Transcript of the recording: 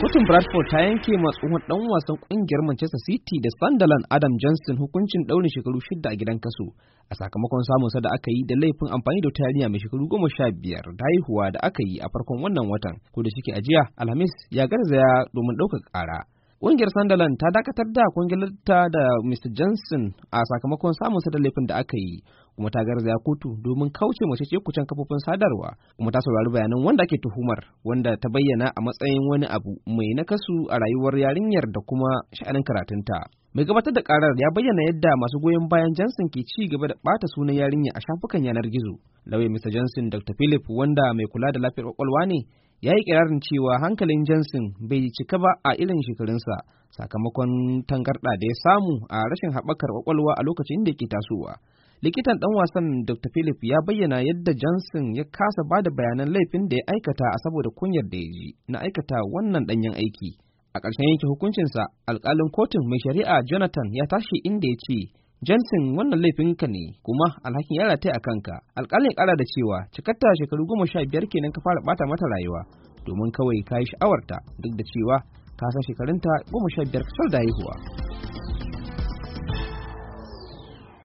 Kotun Bradford ta yanke masu tsohon dan wasan kungiyar Manchester City da Sunderland Adam Johnson hukuncin daurin shekaru shida a gidan kaso a sakamakon samunsa da aka yi da laifin amfani da wata mai shekaru goma sha biyar da haihuwa da aka yi a farkon wannan watan ko da shike ajiya Alhamis ya garzaya domin ɗaukar ƙara. Ƙungiyar Sunderland ta dakatar da kungilarta da Mr. Johnson a sakamakon samun da laifin da aka yi, kuma ta garzaya kotu domin kauce mace ce kucin kafofin sadarwa, kuma ta saurari bayanan wanda ake tuhumar, wanda ta bayyana a matsayin wani abu mai nakasu a rayuwar yarinyar da kuma sha'anin karatunta. Mai gabatar da karar ya bayyana yadda masu goyon bayan Johnson ke ci gaba da bata sunan yarinya a shafukan yanar gizo. Lauyan Mr. Johnson Dr. Philip wanda mai kula da lafiyar kwakwalwa ne ya yi kirarin cewa hankalin jansin bai cika ba a irin shekarunsa sakamakon tangarɗa da ya samu a rashin haɓakar kwakwalwa a lokacin da ke tasowa. Likitan ɗan wasan Dr. Philip ya bayyana yadda jansin ya kasa ba da bayanan laifin da ya aikata a saboda kunyar da ya ji na aikata wannan ɗanyen aiki. A ƙarshen yanke hukuncinsa, alƙalin kotun mai shari'a Jonathan ya tashi inda ya ce jensin wannan laifinka ne kuma alhakin ya rataya a kanka. Alƙalin ƙara da cewa cikatta shekaru goma sha biyar kenan ka fara ɓata mata rayuwa domin kawai ka yi sha'awarta duk da cewa ka san shekarunta goma sha biyar kasar da haihuwa.